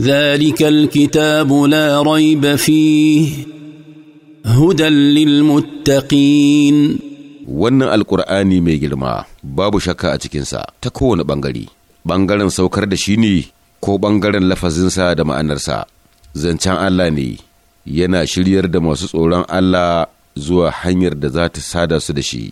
ذلك الكتاب لا ريب فيه هدى للمتقين wannan alkur'ani mai girma babu shakka a cikinsa ta kowane ɓangare ɓangaren saukar da shi ne ko ɓangaren lafazinsa da ma'anarsa zancen allah ne yana shiryar da masu tsoron allah zuwa hanyar da za ta sada su da shi